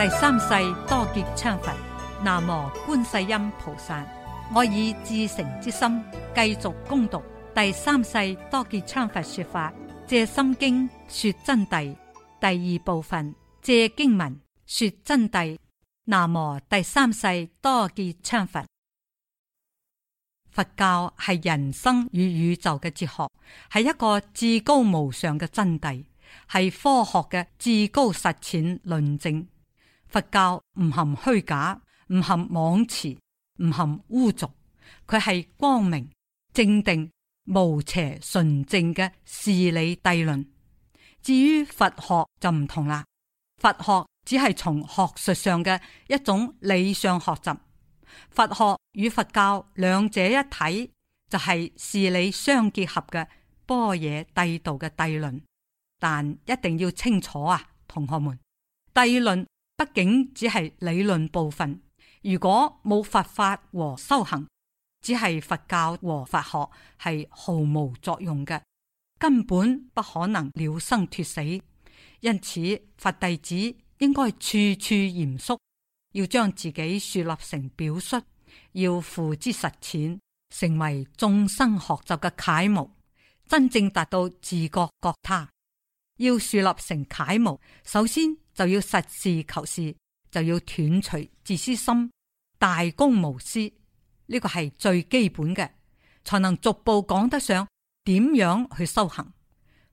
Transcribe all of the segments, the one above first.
第三世多杰羌佛，南無觀世音菩薩。我以至誠之心繼續攻讀第三世多杰羌佛說法，借心經說真諦。第二部分，借經文說真諦。南無第三世多杰羌佛。佛教係人生與宇宙嘅哲學，係一個至高無上嘅真諦，係科學嘅至高實踐論證。佛教唔含虛假，唔含妄詞，唔含污濁。佢係光明正定、無邪純正嘅事理諦論。至於佛學就唔同啦，佛學只係從學術上嘅一種理想學習。佛學與佛教兩者一體就係、是、事理相結合嘅般若諦道嘅諦論，但一定要清楚啊，同學們諦論。畢竟只係理論部分，如果冇佛法和修行，只係佛教和佛學係毫無作用嘅，根本不可能了生脱死。因此，佛弟子應該處處嚴肅，要將自己樹立成表率，要付之實踐，成為眾生學習嘅楷模，真正達到自覺覺他。要樹立成楷模，首先。就要實事求是，就要斷除自私心，大公無私，呢個係最基本嘅，才能逐步講得上點樣去修行。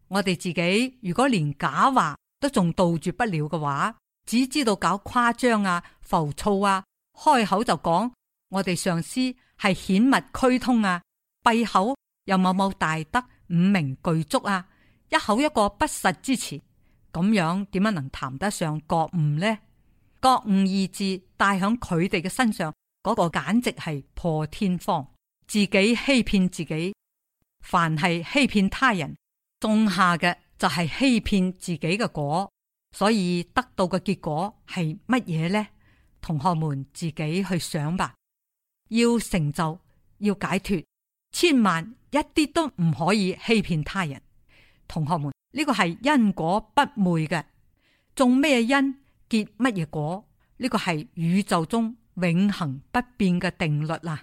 我哋自己如果連假話都仲杜絕不了嘅話，只知道搞誇張啊、浮躁啊，開口就講我哋上司係顯密區通啊，閉口又某某大德五明具足啊，一口一個不實之詞。咁樣點樣能談得上覺悟呢？覺悟二字帶響佢哋嘅身上嗰個簡直係破天荒，自己欺騙自己，凡係欺騙他人，種下嘅就係欺騙自己嘅果，所以得到嘅結果係乜嘢呢？同學們自己去想吧。要成就，要解脫，千萬一啲都唔可以欺騙他人。同學們。呢個係因果不昧嘅，種咩因結乜嘢果？呢、這個係宇宙中永恒不變嘅定律啦。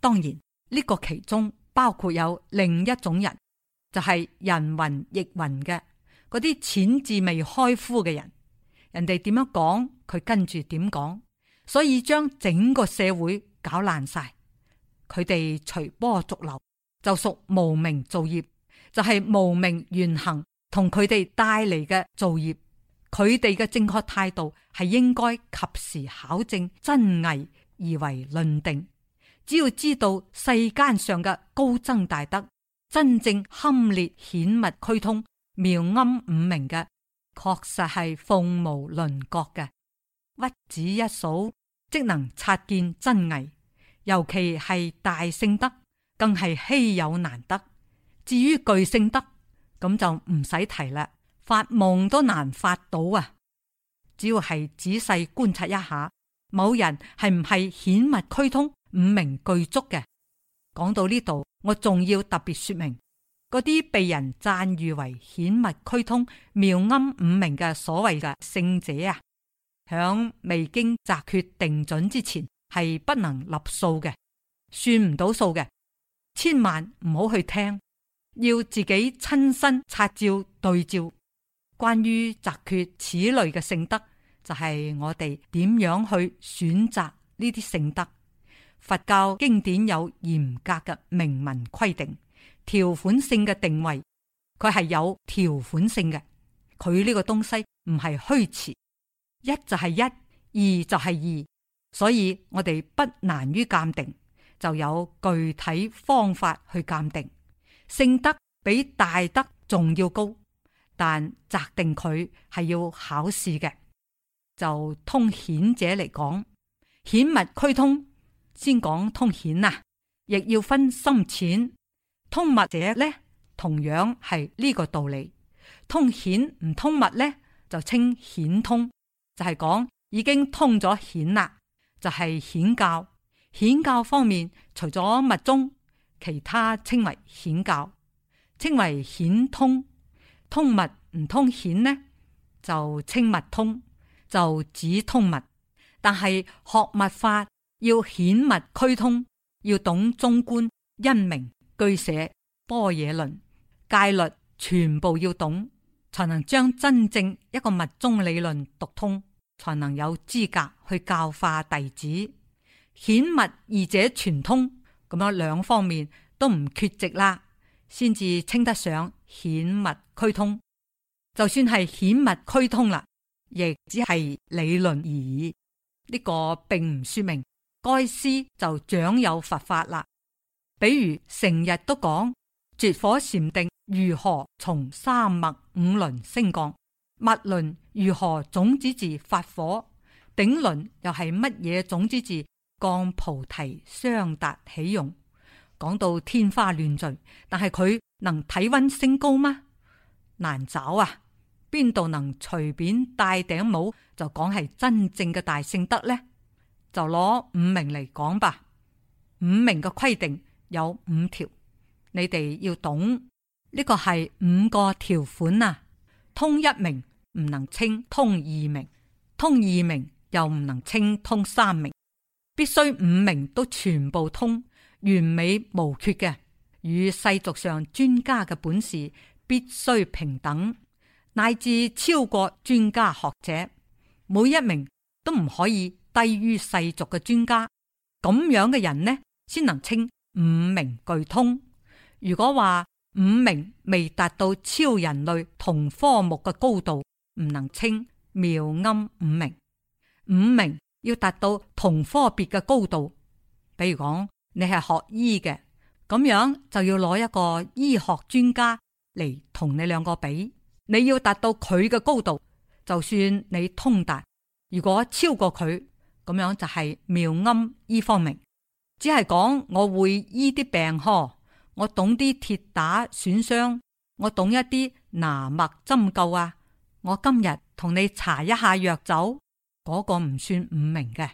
當然，呢、這個其中包括有另一種人，就係、是、人云亦云嘅嗰啲淺智未開敷嘅人。人哋點樣講，佢跟住點講，所以將整個社會搞爛晒。佢哋隨波逐流，就屬無明造業。就係無名原行同佢哋帶嚟嘅造業，佢哋嘅正確態度係應該及時考證真偽而為論定。只要知道世間上嘅高僧大德，真正堪列顯密溝通妙暗五明嘅，確實係鳳毛麟角嘅，屈指一數，即能察見真偽。尤其係大聖德，更係稀有難得。至於具聖德，咁就唔使提啦。發夢都難發到啊！只要係仔細觀察一下，某人係唔係顯密圓通五明具足嘅。講到呢度，我仲要特別說明，嗰啲被人讚譽為顯密圓通妙諳五明嘅所謂嘅聖者啊，響未經擇決定準之前，係不能立數嘅，算唔到數嘅，千萬唔好去聽。要自己親身察照對照，關於擇缺此類嘅聖德，就係、是、我哋點樣去選擇呢啲聖德。佛教經典有嚴格嘅明文規定，條款性嘅定位，佢係有條款性嘅，佢呢個東西唔係虛詞，一就係一，二就係二，所以我哋不難於鑒定，就有具體方法去鑒定。性德比大德仲要高，但責定佢係要考試嘅，就通顯者嚟講，顯密俱通先講通顯啊，亦要分深淺。通密者呢同樣係呢個道理。通顯唔通密呢，就稱顯通，就係、是、講已經通咗顯啦，就係、是、顯教。顯教方面，除咗密宗。其他稱為顯教，稱為顯通，通密唔通顯呢？就稱密通，就指通密。但係學密法要顯密驅通，要懂中觀、因明、俱舍、般若論、戒律，全部要懂，才能將真正一個密宗理論讀通，才能有資格去教化弟子。顯密二者全通。咁樣兩方面都唔缺席啦，先至稱得上顯密俱通。就算係顯密俱通啦，亦只係理論而已。呢、這個並唔說明該師就長有佛法啦。比如成日都講拙火禪定如何從三脈五輪升降，密輪如何種子字發火，頂輪又係乜嘢種子字？降菩提雙達起用，講到天花亂墜，但係佢能體温升高嗎？難找啊，邊度能隨便戴頂帽就講係真正嘅大聖德呢？就攞五名嚟講吧。五名嘅規定有五條，你哋要懂，呢個係五個條款啊。通一名唔能稱通二名，通二名又唔能稱通三名。必須五明都全部通，完美無缺嘅，與世俗上專家嘅本事必須平等，乃至超過專家學者。每一名都唔可以低於世俗嘅專家。咁樣嘅人呢，先能稱五明俱通。如果話五明未達到超人類同科目嘅高度，唔能稱妙音五明。五明。要達到同科別嘅高度，比如講你係學醫嘅，咁樣就要攞一個醫學專家嚟同你兩個比。你要達到佢嘅高度，就算你通達，如果超過佢，咁樣就係妙諳醫方明。只係講我會醫啲病科，我懂啲鐵打損傷，我懂一啲拿脈針灸啊。我今日同你查一下藥酒。嗰個唔算五明嘅，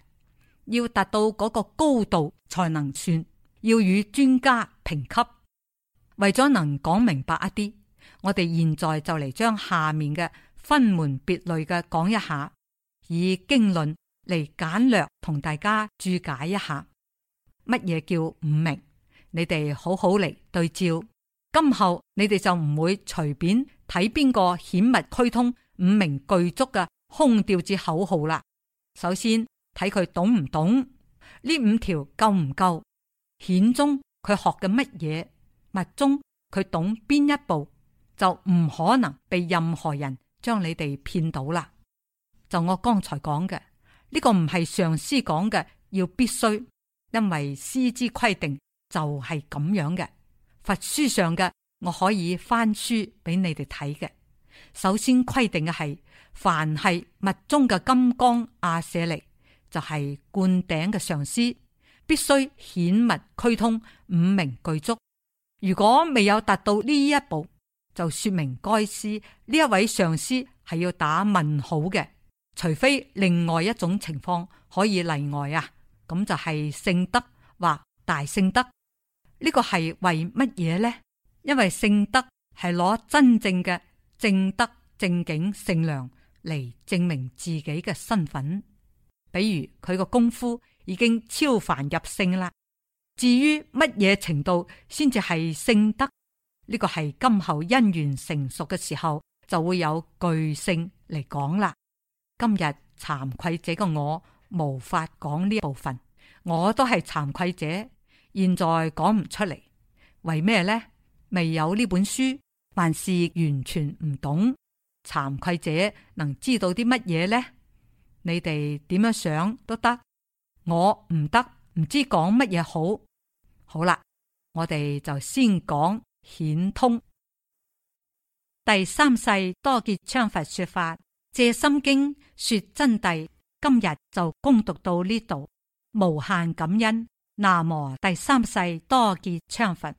要達到嗰個高度才能算，要與專家評級。為咗能講明白一啲，我哋現在就嚟將下面嘅分門別類嘅講一下，以經論嚟簡略同大家注解一下，乜嘢叫五明？你哋好好嚟對照，今後你哋就唔會隨便睇邊個顯密圓通五明具足嘅空調字口號啦。首先睇佢懂唔懂呢五條，夠唔夠顯宗？佢學嘅乜嘢密宗，佢懂邊一步就唔可能被任何人將你哋騙到啦。就我剛才講嘅呢個唔係上司講嘅，要必須，因為師之規定就係咁樣嘅。佛書上嘅我可以翻書俾你哋睇嘅。首先規定嘅係。凡係密宗嘅金剛阿闍黎，就係灌頂嘅上師，必須顯密俱通、五明具足。如果未有達到呢一步，就說明該師呢一位上師係要打問號嘅。除非另外一種情況可以例外啊，咁就係聖德或大聖德。呢個係為乜嘢呢？因為聖德係攞真正嘅證德、證境聖量，嚟證明自己嘅身份，比如佢個功夫已經超凡入聖啦。至於乜嘢程度先至係聖德，呢、這個係今後因緣成熟嘅時候就會有具性嚟講啦。今日慚愧者嘅，者個我無法講呢一部分，我都係慚愧者，現在講唔出嚟，為咩呢？未有呢本書，還是完全唔懂。慚愧者能知道啲乜嘢呢？你哋點樣想都得，我唔得，唔知道講乜嘢好。好啦，我哋就先講顯通第三世多杰羌佛說法，借心經說真諦。今日就恭讀到呢度，無限感恩。南無第三世多杰羌佛。